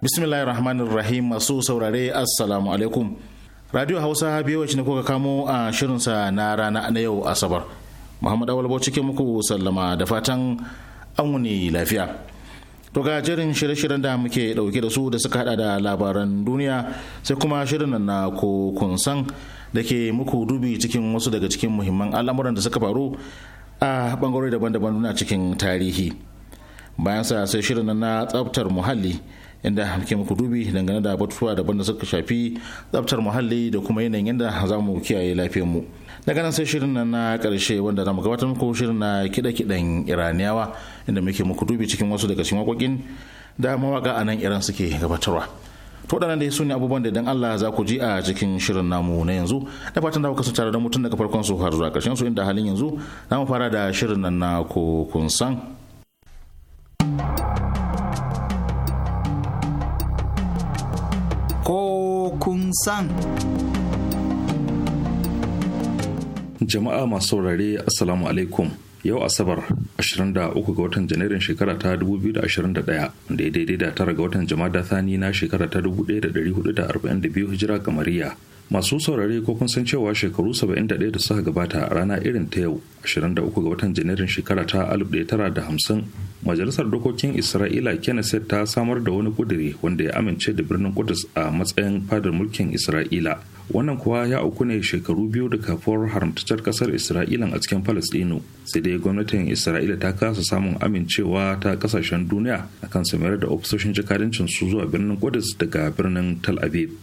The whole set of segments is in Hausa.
bismillahir rahmanir rahim masu saurare assalamu alaikum radio hausa biyawaci ne kuka kamo a shirinsa na rana na yau asabar muhammad awal cikin muku sallama da fatan an wuni lafiya to ga jerin shirye-shiryen da muke dauke da su da suka hada da labaran duniya sai kuma shirin na kun san da ke muku dubi cikin wasu daga cikin muhimman al'amuran da suka faru a bangarori daban-daban na cikin tarihi bayan sa sai shirin na tsabtar muhalli inda muke muku dubi dangane da batutuwa daban da suka shafi tsabtar muhalli da kuma yanayin yadda za mu kiyaye lafiyar mu daga nan sai shirin nan na karshe wanda za mu gabatar muku shirin na kiɗe-kiɗen iraniyawa inda muke muku dubi cikin wasu daga cikin waƙoƙin da mawaƙa a nan iran suke gabatarwa to da dai su ne abubuwan da idan Allah za ku ji a cikin shirin namu na yanzu da fatan da ku kasance tare da mutum daga farkon su har zuwa ƙarshen su inda halin yanzu za mu fara da shirin nan na kun san ko kun san. Jama'a masu saurare Assalamu alaikum. Yau Asabar 23 ga watan Janairun shekara ta 2021 da ya daidai da tara ga watan Jama'a Thani na shekara ta 1442 Hijira kamariya. masu saurare ko kun san cewa shekaru 71 da suka gabata a rana irin ta yau 23 ga watan janairun shekara ta 1950 majalisar dokokin isra'ila kenneth ta samar da wani kuduri wanda ya amince da birnin kudus a matsayin fadar mulkin isra'ila wannan kuwa ya auku ne shekaru biyu da kafuwar haramtaccen kasar isra'ila a cikin falastinu sai dai gwamnatin isra'ila ta kasa samun amincewa ta kasashen duniya akan samar da ofisoshin jakadancin su zuwa birnin kudus daga birnin tal aviv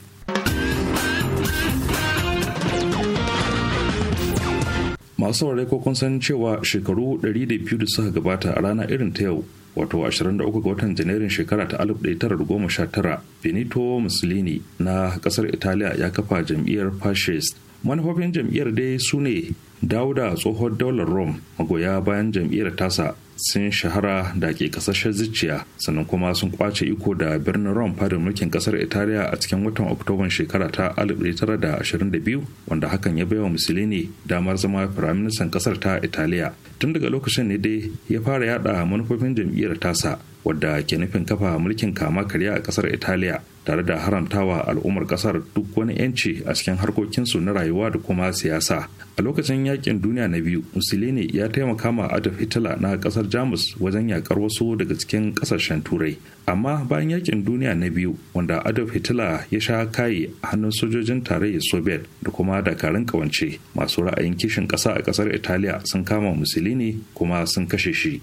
masu saurare ko kun san cewa shekaru 200 da suka gabata a rana irin ta yau wato 23 ga watan janairun shekara ta 1919 benito mussolini na kasar italiya ya kafa jam'iyyar fascist manufofin jam'iyyar dai su ne dawo da tsohon daular rome magoya bayan jam'iyyar tasa sun shahara da ke kasashen zuciya sannan kuma sun kwace iko da birnin rome fadin mulkin kasar italiya a cikin watan oktoban shekara ta 1922 wanda hakan ya baiwa musulini damar zama firaministan kasar ta italiya tun daga lokacin ne dai ya fara yada manufofin jam'iyyar tasa wadda ke nufin kafa mulkin kama karya a kasar italiya tare da haramtawa al'ummar kasar duk wani yanci a cikin harkokinsu na rayuwa da kuma siyasa a lokacin yakin duniya na biyu musulini ya taimaka ma adolf hitler na kasar jamus wajen yakar wasu daga cikin kasashen turai amma bayan yakin duniya na biyu wanda adolf hitler ya sha kayi a hannun sojojin tarayyar soviet da kuma dakarun kawance masu ra'ayin kishin ƙasa a kasar italiya sun kama musulini kuma sun kashe shi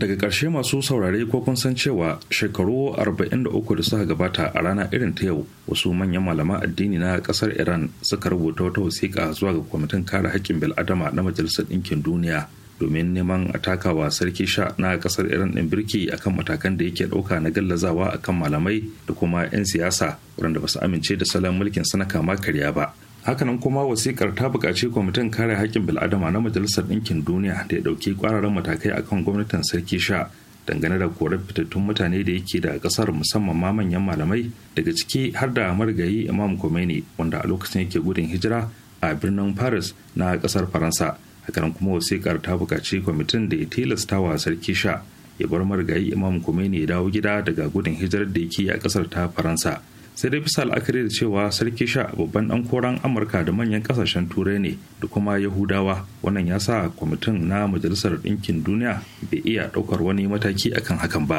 daga ƙarshe masu saurare ko kun san cewa shekaru 43 da suka gabata a rana irin ta yau wasu manyan malaman addini na ƙasar iran suka rubuta wata wasiƙa zuwa ga kwamitin kare haƙƙin bil'adama na majalisar ɗinkin duniya domin neman a takawa sarki sha na ƙasar iran ɗin birki akan matakan da yake ɗauka na gallazawa akan malamai da kuma 'yan siyasa waɗanda ba su amince da salon mulkin sana kama karya ba hakanan kuma wasikar ta bukaci kwamitin kare haƙƙin bil'adama na majalisar ɗinkin duniya da ya ɗauki ƙwararren matakai akan gwamnatin sarki sha dangane da korar fitattun mutane da yake da ƙasar musamman ma manyan malamai daga ciki har da marigayi imam khomeini wanda a lokacin yake gudun hijira a birnin paris na ƙasar faransa hakanan kuma wasikar ta bukaci kwamitin da ya tilasta wa sarki sha ya bar marigayi imam khomeini ya dawo gida daga gudun hijirar da yake a ƙasar ta faransa sai dai bisa la'akari da cewa sarki sha babban dan koran amurka da manyan kasashen turai ne da kuma yahudawa wannan ya sa kwamitin na majalisar ɗinkin duniya bai iya ɗaukar wani mataki akan hakan ba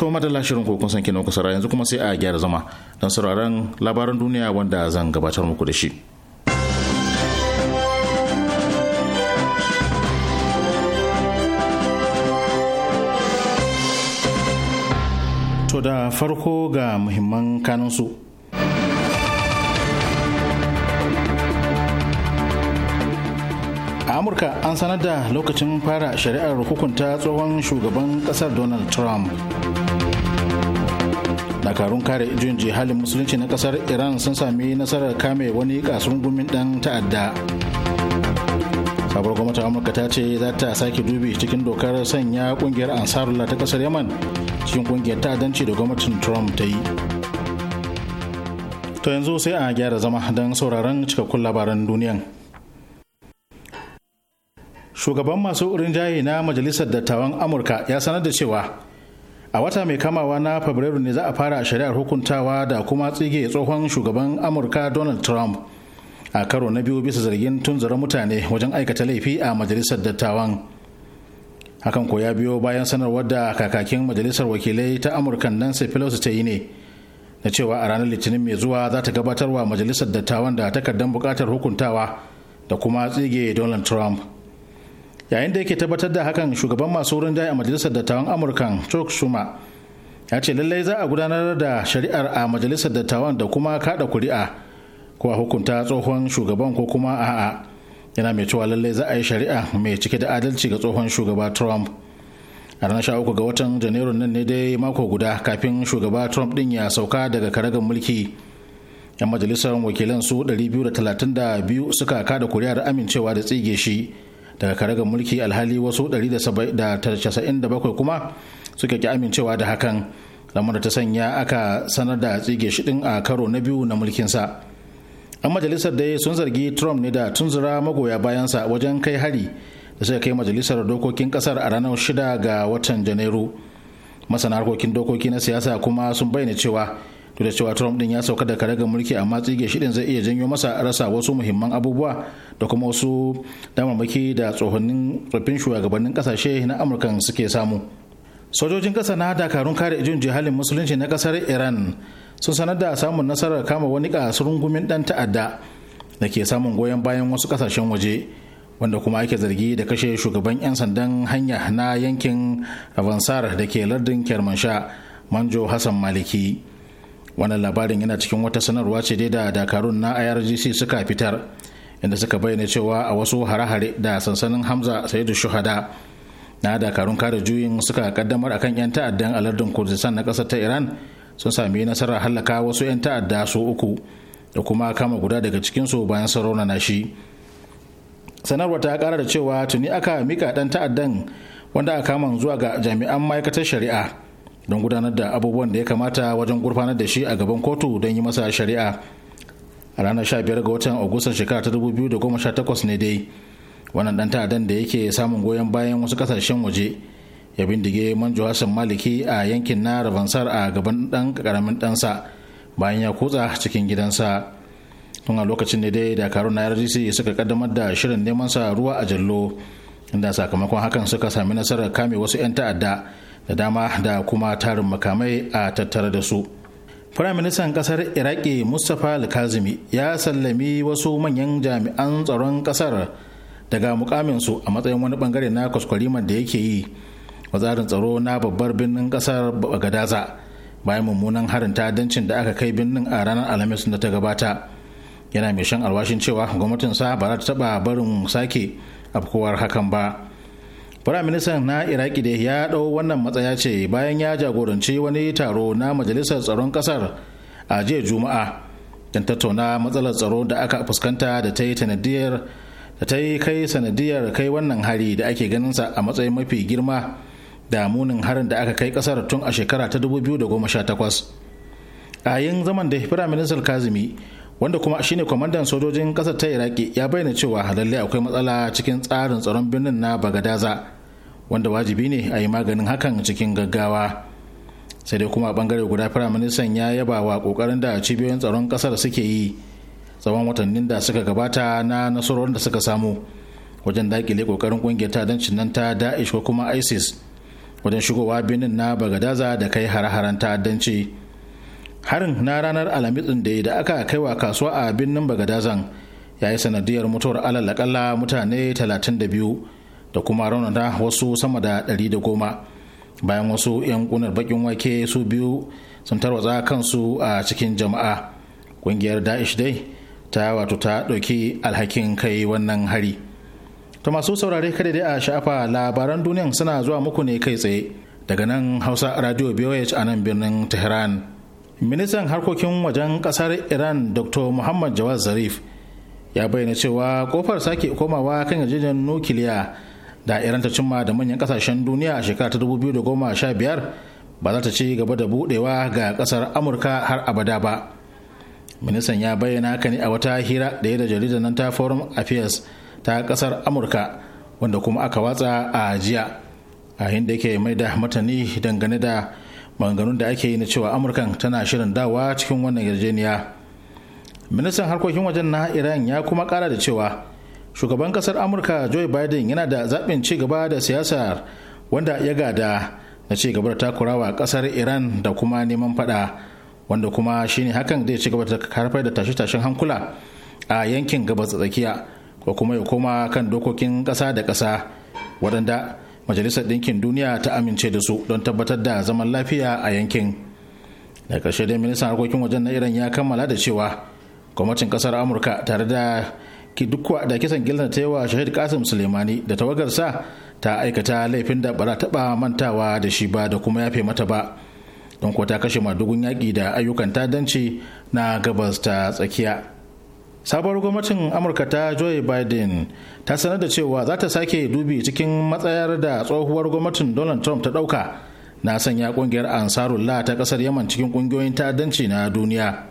to madalla shirin ko kun san kenan yanzu kuma sai a gyara zama don sauraron labaran duniya wanda zan gabatar muku da shi to da farko ga muhimman kanunsu a amurka an sanar da lokacin fara shari'ar hukunta tsohon shugaban kasar donald trump dakarun kare jin halin musulunci na kasar iran sun sami nasarar kame wani gumin dan ta'adda sabuwar gwamnatin amurka ta ce za ta sake dubi cikin dokar sanya kungiyar ansarula ta kasar yaman cikin kungiyar ta'addanci da gwamnatin trump ta yi to yanzu sai a gyara zama don sauraron cikakkun labaran duniyan shugaban masu rinjaye na majalisar dattawan amurka ya sanar da cewa a wata mai kamawa na fabrairu ne za a fara shari'ar hukuntawa da kuma tsige tsohon shugaban amurka donald trump a karo na biyu bisa zargin tunzura mutane wajen aikata laifi a majalisar dattawan hakan ko ya biyo bayan sanarwar da kakakin majalisar wakilai ta amurka nancy pelosi ta yi ne na cewa a ranar litinin mai zuwa za ta gabatarwa majalisar dattawan da takardar bukatar hukuntawa da kuma tsige donald trump yayin da yake tabbatar da hakan shugaban masu rinjaye a majalisar dattawan amurka chuck schumer ya ce lallai za a gudanar da shari'ar a majalisar dattawan da kuma kada kuri'a ko a hukunta tsohon shugaban ko kuma a'a yana mai cewa lallai za a yi shari'a mai cike da adalci ga tsohon shugaba trump a ranar sha uku ga watan janairun nan ne dai mako guda kafin shugaba trump din ya sauka daga karagar mulki yan majalisar wakilan su 232 suka kada kuri'ar amincewa da tsige shi daga karagar mulki alhali wasu 197 kuma suka ki amincewa da hakan lamar da ta sanya aka sanar da tsige shi din a karo na biyu na mulkinsa an majalisar dai sun zargi trump ne da tunzura magoya bayansa wajen kai hari da suka kai majalisar dokokin kasar a ranar 6 ga watan janairu masana harkokin dokoki na siyasa kuma sun bayyana cewa duk da cewa trump din ya sauka da karagar mulki amma tsige shirin zai iya janyo masa rasa wasu muhimman abubuwa da kuma wasu damarmaki da tsohonnin tsoffin shugabannin kasashe na amurka suke samu sojojin kasa na dakarun kare jin jihalin musulunci na kasar iran sun sanar da samun nasarar kama wani rungumin ɗan ta'adda da ke samun goyon bayan wasu kasashen waje wanda kuma ake zargi da kashe shugaban 'yan sandan hanya na yankin avansar da ke lardin kermansha manjo hassan maliki wannan labarin yana cikin wata sanarwa ce dai da dakarun na irgc suka fitar inda suka bayyana cewa a wasu hare-hare da sansanin hamza sai da shuhada na dakarun kare juyin suka kaddamar akan 'yan ta'addan alardin kurdistan na kasar ta iran sun sami nasarar hallaka wasu 'yan ta'adda su uku da kuma kama guda daga cikinsu bayan sun na shi sanarwa ta kara da cewa tuni aka mika dan ta'addan wanda aka kama zuwa ga jami'an ma'aikatar shari'a don gudanar da abubuwan da ya kamata wajen gurfanar da shi a gaban kotu don yi masa shari'a a ranar 15 ga watan agustan shekara ta 2018 ne dai wannan dan ta'adan da yake samun goyon bayan wasu kasashen waje ya bindige manjo hassan maliki a yankin na ravansar a gaban dan karamin dansa bayan ya kutsa cikin gidansa tun a lokacin ne dai dakarun na rdc suka kaddamar da shirin neman sa ruwa a jallo inda sakamakon hakan suka sami nasarar kame wasu 'yan ta'adda da dama da kuma tarin makamai a tattara da su firaministan kasar iraki mustapha al-kazimi ya sallami wasu manyan jami'an tsaron kasar daga mukaminsu a matsayin wani bangare na kwaskwarimar da yake yi tsarin tsaro na babbar birnin kasar bagadaza bayan mummunan harin ta'addancin da aka kai birnin a ranar alhamis da ta gabata yana mai shan alwashin cewa sa ba za ta taba barin sake afkowar hakan ba Firaministan na Iraki da ya ɗau wannan matsaya ce bayan ya jagoranci wani taro na Majalisar Tsaron Ƙasar a jiya Juma'a don tattauna matsalar tsaro da aka fuskanta da ta yi sanadiyar da ta yi kai sanadiyar kai wannan hari da ake ganinsa a matsayin mafi girma da munin harin da aka kai ƙasar tun a shekara ta 2018 a yin zaman da firaministan kazimi wanda kuma shine kwamandan sojojin kasar ta iraki ya bayyana cewa lalle akwai matsala cikin tsarin tsaron birnin na bagadaza wanda wajibi ne a yi maganin hakan cikin gaggawa sai dai kuma a bangare guda firaministan ya yaba wa kokarin da cibiyoyin tsaron kasar suke yi tsawon watannin da suka gabata na nasarorin da suka samu wajen dakile kokarin kungiyar dancin nan ta da'ish ko kuma isis wajen shigowa birnin na bagadaza da kai hare-haren ta'addanci harin na ranar alhamis din da da aka kai wa kasuwa a birnin bagadazan ya yi sanadiyar mutuwar alalakalla mutane 32 da kuma raunata wasu sama da 110 bayan wasu 'yan kunar bakin wake su biyu sun tarwatsa kansu a cikin jama'a kungiyar da'ish dai ta wato ta ɗauki alhakin kai wannan hari ta masu saurare kada dai a sha'afa labaran duniyan suna zuwa muku ne kai tsaye daga nan hausa radio bwh a nan birnin tehran ministan harkokin wajen kasar iran dr muhammad jawad zarif ya bayyana cewa kofar sake komawa kan yarjejeniyar nukiliya da iran ta cimma da manyan kasashen duniya a shekara ta 2015 ba za ta ci gaba da budewa ga kasar amurka har abada ba ministan ya bayyana haka ne a wata hira da ya da jaridar nan ta forum affairs ta kasar amurka wanda kuma aka watsa a jiya a inda yake mai da martani dangane da maganganun da ake yi na cewa amurkan tana shirin dawa cikin wannan yarjeniya ministan harkokin wajen na iran ya kuma kara da cewa shugaban kasar amurka joe biden yana da zaɓin ci gaba da siyasar wanda ya gada na ci gaba da takurawa kasar iran da kuma neman fada wanda kuma shine hakan zai ci gaba da harfar da tashe-tashen hankula a yankin gabas tsakiya ko kuma ya koma kan dokokin kasa da kasa waɗanda majalisar ɗinkin duniya ta amince da su don tabbatar da zaman lafiya a yankin da ƙarshe dai ministan harkokin wajen na iran ya kammala da cewa gwamnatin ƙasar amurka tare da duk da kisan gilda ta yawa shahid kasim sulemani da tawagarsa ta aikata laifin da ba taɓa mantawa da shi ba da kuma yafe mata ba don kuwa ta kashe madugun yaƙi da ayyukan tadanci na gabas ta tsakiya sabuwar gwamnatin amurka ta joe biden ta sanar da cewa za ta sake dubi cikin matsayar da tsohuwar gwamnatin donald trump ta dauka na sanya kungiyar ansarullah ta kasar yaman cikin kungiyoyin ta'addanci na duniya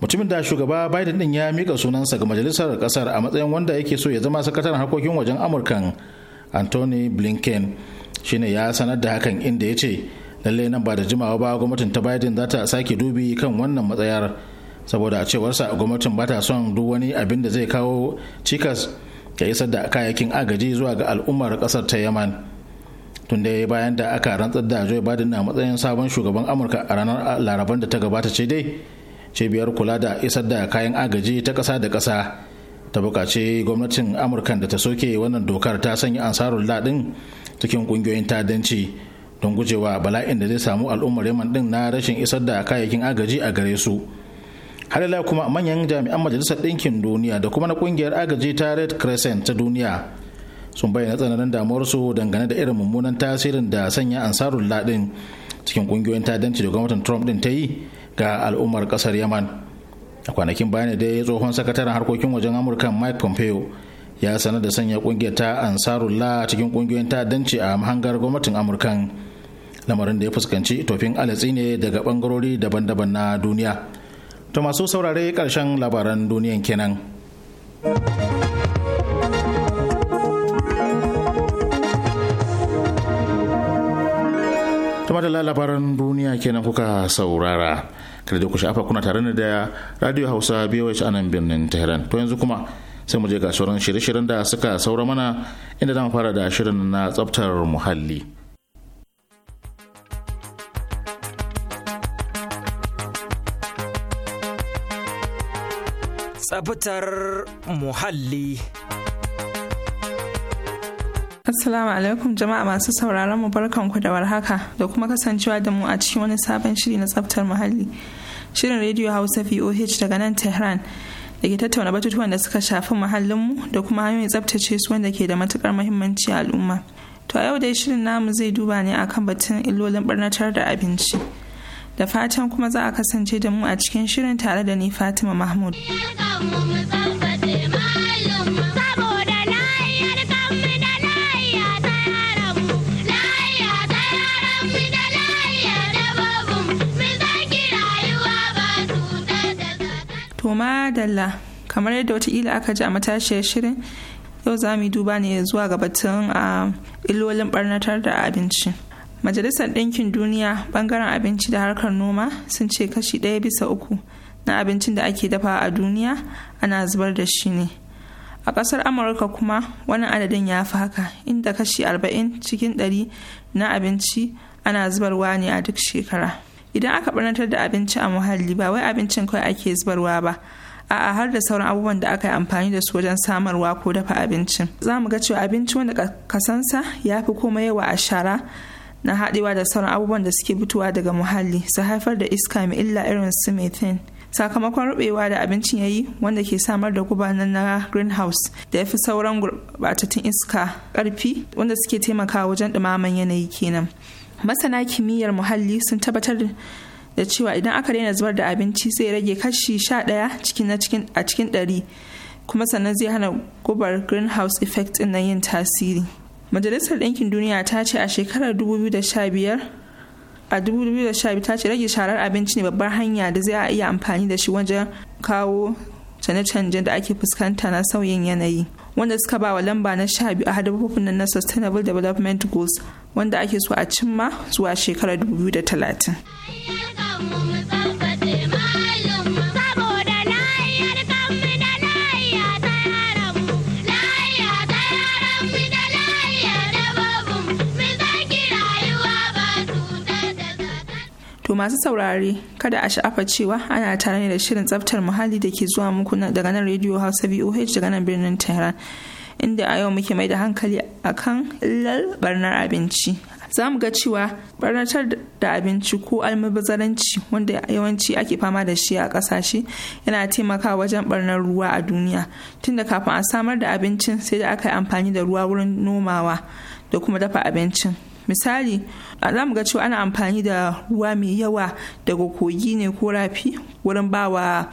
mutumin da shugaba biden din ya mika sunansa ga majalisar kasar a matsayin wanda yake so ya zama sakataren harkokin wajen amurkan anthony blinken shine ya sanar da hakan inda ya ce lallai nan ba da jimawa ba gwamnatin ta biden za ta sake dubi kan wannan matsayar saboda a cewarsa gwamnatin ba ta son duk wani abin da zai kawo cikas ya isar da kayakin agaji zuwa ga al'ummar kasar ta yaman tun da bayan da aka rantsar da joe biden na matsayin sabon shugaban amurka a ranar laraban da ta gabata ce dai cibiyar kula da isar da kayan agaji ta kasa da kasa ta bukaci gwamnatin amurkan da ta soke wannan dokar ta sanya ansarun ladin cikin ƙungiyoyin ta'addanci don gujewa bala'in da zai samu al'ummar yaman din na rashin isar da kayayyakin agaji a gare su. har ila kuma manyan jami'an majalisar ɗinkin duniya da kuma na ƙungiyar agaji ta red crescent ta duniya sun bayyana tsananin damuwarsu dangane da irin mummunan tasirin da sanya ansarun ladin cikin ƙungiyoyin ta'addanci da gwamnatin trump ɗin ta yi ga al'ummar ƙasar yaman a kwanakin bayan da ya tsohon sakataren harkokin wajen amurka mike pompeo ya sanar da sanya ƙungiyar ta la cikin ƙungiyoyin ta'addanci a hangar gwamnatin amurka lamarin da ya fuskanci tofin alatsi ne daga ɓangarori daban-daban na duniya to masu saurare karshen labaran duniyan kenan tuma da labaran duniya kenan kuka saurara kada da ku sha'afa kuna tare da radio hausa biyu a nan birnin tehran to yanzu kuma sai mu je ga sauran shirye-shiryen da suka saura mana inda zamu fara da shirin na tsaftar muhalli tsabtar muhalli. Assalamu alaikum jama'a masu sauraron mu barkanku da warhaka da kuma kasancewa da mu a cikin wani sabon shiri na tsabtar muhalli. Shirin Radio Hausa VOH daga nan Tehran da ke tattauna batutuwan da suka shafi muhallinmu da kuma hanyoyin tsabtace su wanda ke da matukar muhimmanci a al'umma. To a yau dai shirin namu zai duba ne akan batun illolin barnatar da abinci. da fatan kuma za a kasance da mu a cikin shirin tare da ni fatima mahmud to madalla kamar yadda watakila aka ji a matashiyar shirin yau za mu yi duba ne zuwa ga batun a ah, ilolin barnatar da abinci majalisar ɗinkin duniya ɓangaren abinci da harkar noma sun ce kashi ɗaya bisa uku na abincin da ake dafa a duniya ana zubar da shi ne a ƙasar amurka kuma wani adadin ya fi haka inda kashi arba'in cikin ɗari na abinci ana zubarwa ne a duk shekara idan aka barnatar da abinci a muhalli ba wai abincin kawai ake zubarwa ba a'a har da sauran abubuwan da aka yi amfani da su wajen samarwa ko dafa abincin za mu ga cewa abinci wanda kasansa ya fi komai yawa a shara na haɗewa da sauran abubuwan da suke fitowa daga muhalli su haifar da iska mai illa irin su methane sakamakon rubewa da abincin yayi wanda ke samar da guba na greenhouse da ya fi sauran gurbatattun iska karfi wanda suke taimakawa wajen ɗumaman yanayi kenan masana kimiyyar muhalli sun tabbatar da cewa idan aka daina zubar da abinci zai rage kashi sha ɗaya cikin a cikin ɗari kuma sannan zai hana gubar greenhouse effect ɗin nan yin tasiri majalisar ɗinkin duniya ta ce a shekarar 2015 a 2015 ta ce rage sharar abinci ne babbar hanya da zai iya amfani da shi wajen kawo canje-canje da ake fuskanta na sauyin yanayi wanda suka ba wa lamba na sha a hadafofin nan na sustainable development goals wanda ake so a cimma zuwa shekarar 2030 masu saurare kada a sha'afa cewa ana tare ne da shirin tsaftar muhalli da ke zuwa muku daga nan radio hausa voh daga nan birnin tehran inda a yau muke mai da hankali akan illar barnar abinci za mu ga cewa barnatar da abinci ko almubazaranci wanda yawanci ake fama da shi a kasashe yana taimaka wajen barnar ruwa a duniya tunda kafin a samar da abincin sai da aka yi amfani da ruwa wurin nomawa da kuma dafa abincin misali za mu ga cewa ana amfani da ruwa mai yawa daga kogi ne ko rafi wurin bawa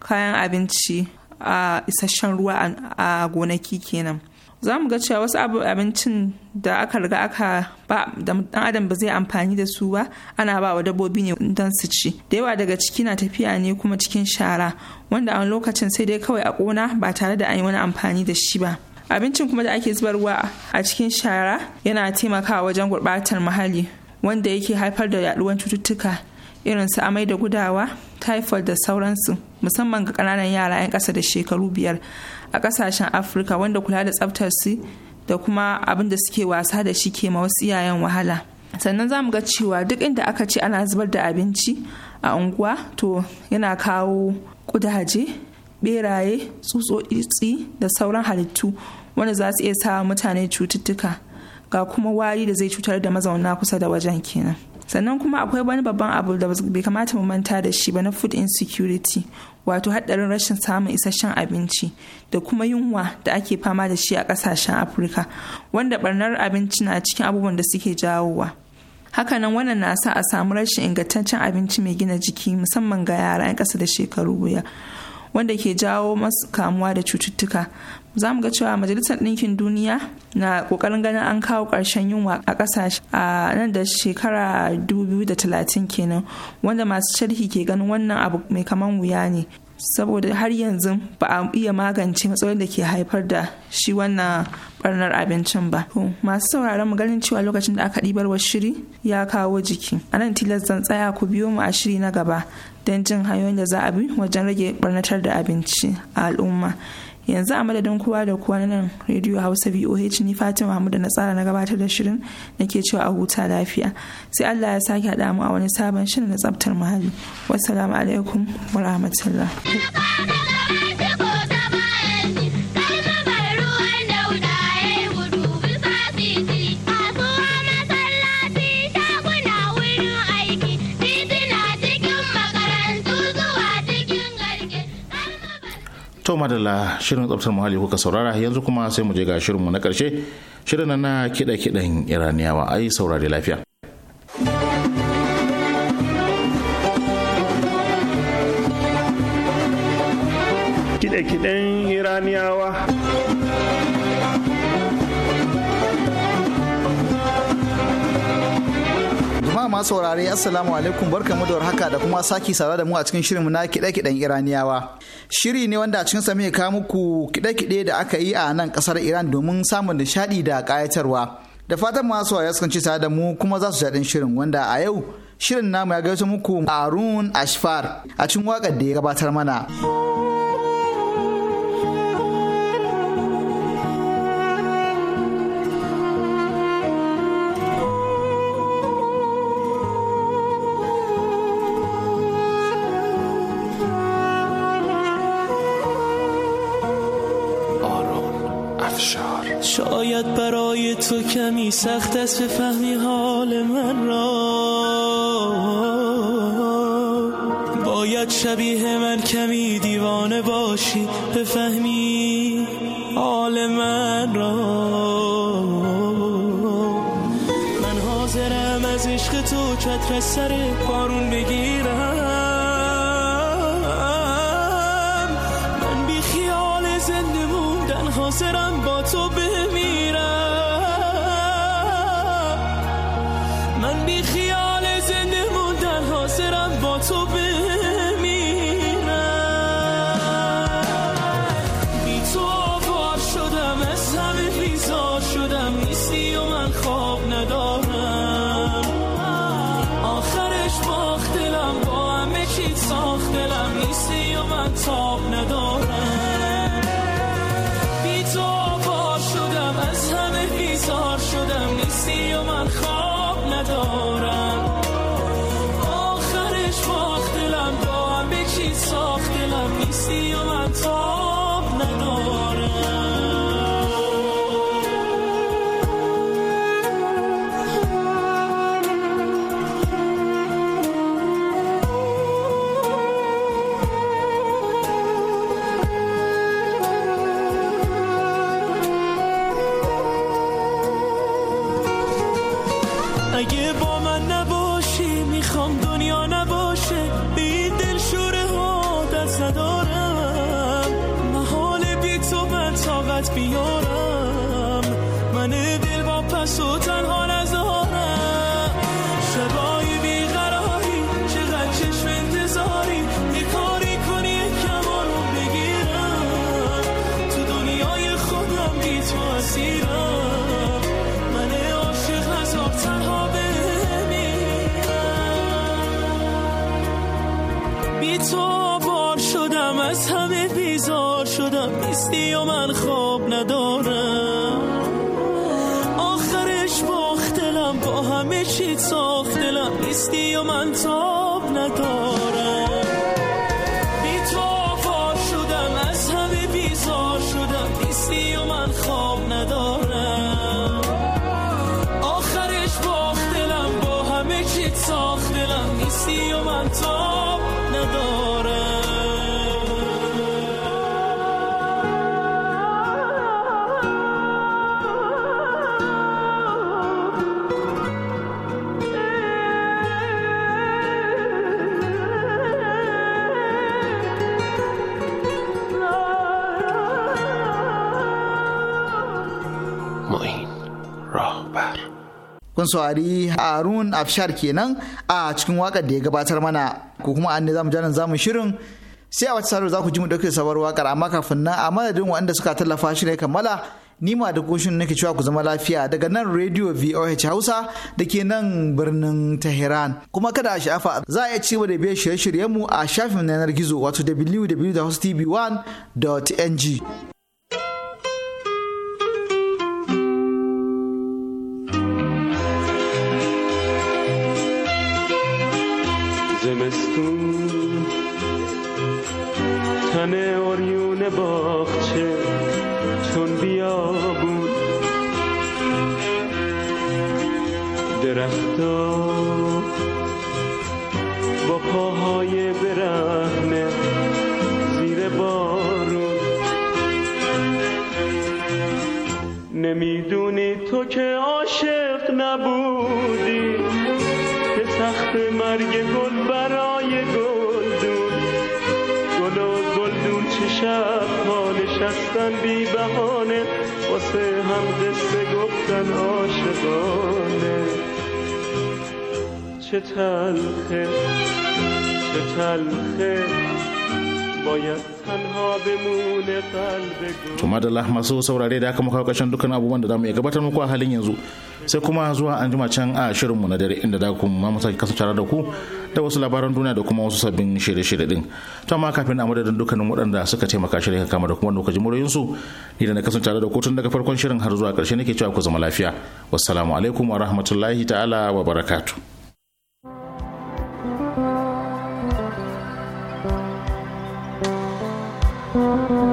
kayan abinci a isasshen ruwa a gonaki kenan za mu ga cewa wasu abincin da aka riga aka ba dan adam ba zai amfani da su ba ana ba wa dabbobi ne don su ci da yawa daga ciki na tafiya ne kuma cikin shara wanda a lokacin sai dai kawai a kona ba tare da an yi wani amfani da shi ba abincin kuma da ake zubarwa a cikin shara yana taimakawa wajen gurbatar muhalli wanda yake haifar da yaduwar cututtuka irin su amai da gudawa typhoid da sauransu musamman ga kananan yara 'yan ƙasa da shekaru biyar a ƙasashen afirka wanda kula da tsaftar su da kuma abin da suke wasa da shi ke ma wasu iyayen wahala sannan za mu ga cewa duk inda aka ce ana zubar da abinci a unguwa to yana kawo kudaje beraye tsutsotsi da sauran halittu wanda za su iya sa mutane cututtuka ga kuma wari da zai cutar da mazauna kusa da wajen kenan sannan kuma akwai wani babban abu da bai kamata mu manta da shi ba na food insecurity wato haɗarin rashin samun isasshen abinci da kuma yunwa da ake fama da shi a ƙasashen afirka wanda barnar abinci na cikin abubuwan da suke jawowa hakanan wannan na sa a samu rashin ingantaccen abinci mai gina jiki musamman ga yara 'yan ƙasa da shekaru wuya wanda ke jawo masu kamuwa da cututtuka za mu ga cewa majalisar ɗinkin duniya na ƙoƙarin ganin an kawo ƙarshen yunwa a ƙasashe a nan da shekara 2030 kenan wanda masu sharhi ke ganin wannan abu mai kaman wuya ne saboda har yanzu ba a iya magance matsalolin da ke haifar da shi wannan barnar abincin ba masu sauraron mu ganin cewa lokacin da aka ɗibar wa shiri ya kawo jiki a nan tilas zan tsaya ku biyo mu a shiri na gaba don jin hanyoyin da za a bi wajen rage barnatar da abinci a al'umma yanzu a madadin kowa da kowa nan rediyo hausa voh ni fatima mahmud na tsara na gabatar da shirin nake cewa a huta lafiya sai allah ya sake haɗa mu a wani sabon shirin na tsabtar muhalli wassalamu alaikum wa rahmatullah to madalla shirin tsabtar muhalli kuka saurara yanzu kuma sai mu je ga shirinmu na karshe shirin na kiɗa-kiɗan iraniyawa ai saurari lafiya kiɗe-kiɗen iraniyawa masu saurare assalamu alaikum barka mu da haka da kuma saki sara da mu a cikin shirin na kiɗe-kiɗen iraniyawa shiri ne wanda a cikin sa muke kawo muku kiɗe-kiɗe da aka yi a nan kasar iran domin samun nishaɗi da kayatarwa da fatan masu saurare sukan ci da mu kuma za su jaɗin shirin wanda a yau shirin namu ya gaishe muku arun ashfar a cikin wakar da ya gabatar mana. تو کمی سخت است فهمی حال من را باید شبیه من کمی دیوانه باشی به فهمی حال من را من حاضرم از عشق تو چتر سر بارون بگی love, you see you're on top. وای تو بار شدم از همه بیزار شدم نیستی و من خواب ندارم آخرش باخت دلم با همه چی ساخت دلم و من خواب ندارم بی تو بار شدم از همه بیزار شدم نیستی و من خواب ندارم آخرش باخت دلم با همه چی ساخت دلم و من kun saurari harun afshar kenan a cikin wakar da ya gabatar mana ko kuma an ne zamu za zamu shirin sai a wata sarar za ku ji mu dauke sabar wakar amma kafin nan a madadin waɗanda suka tallafa shi ne kammala ni ma da goshin nake cewa ku zama lafiya daga nan radio voh hausa da ke nan birnin tehran kuma kada a sha'afa za a iya cewa da biyar shirye-shiryenmu a shafin yanar gizo wato wwwtv 1ng باغچه چون بیا بود درختا با پاهای برهنه زیر بارون نمیدونی تو که عاشق نبودی به سخت مرگ گل نشستن بی بهانه واسه هم قصه گفتن عاشقانه چه تلخه چه تلخه باید to madalla masu saurare da aka muka kashin dukkan abubuwan da zamu iya gabatar muku a halin yanzu sai kuma zuwa an jima can a shirinmu na dare inda da kuma mu kasance da ku da wasu labaran duniya da kuma wasu sabbin shirye-shirye din to amma kafin a madadin dukkanin waɗanda suka taimaka shirya kama da kuma lokacin muryoyin su ni da na kasance da ku tun daga farkon shirin har zuwa ƙarshe nake cewa ku zama lafiya wassalamu alaikum wa rahmatullahi ta'ala wa barakatuh Música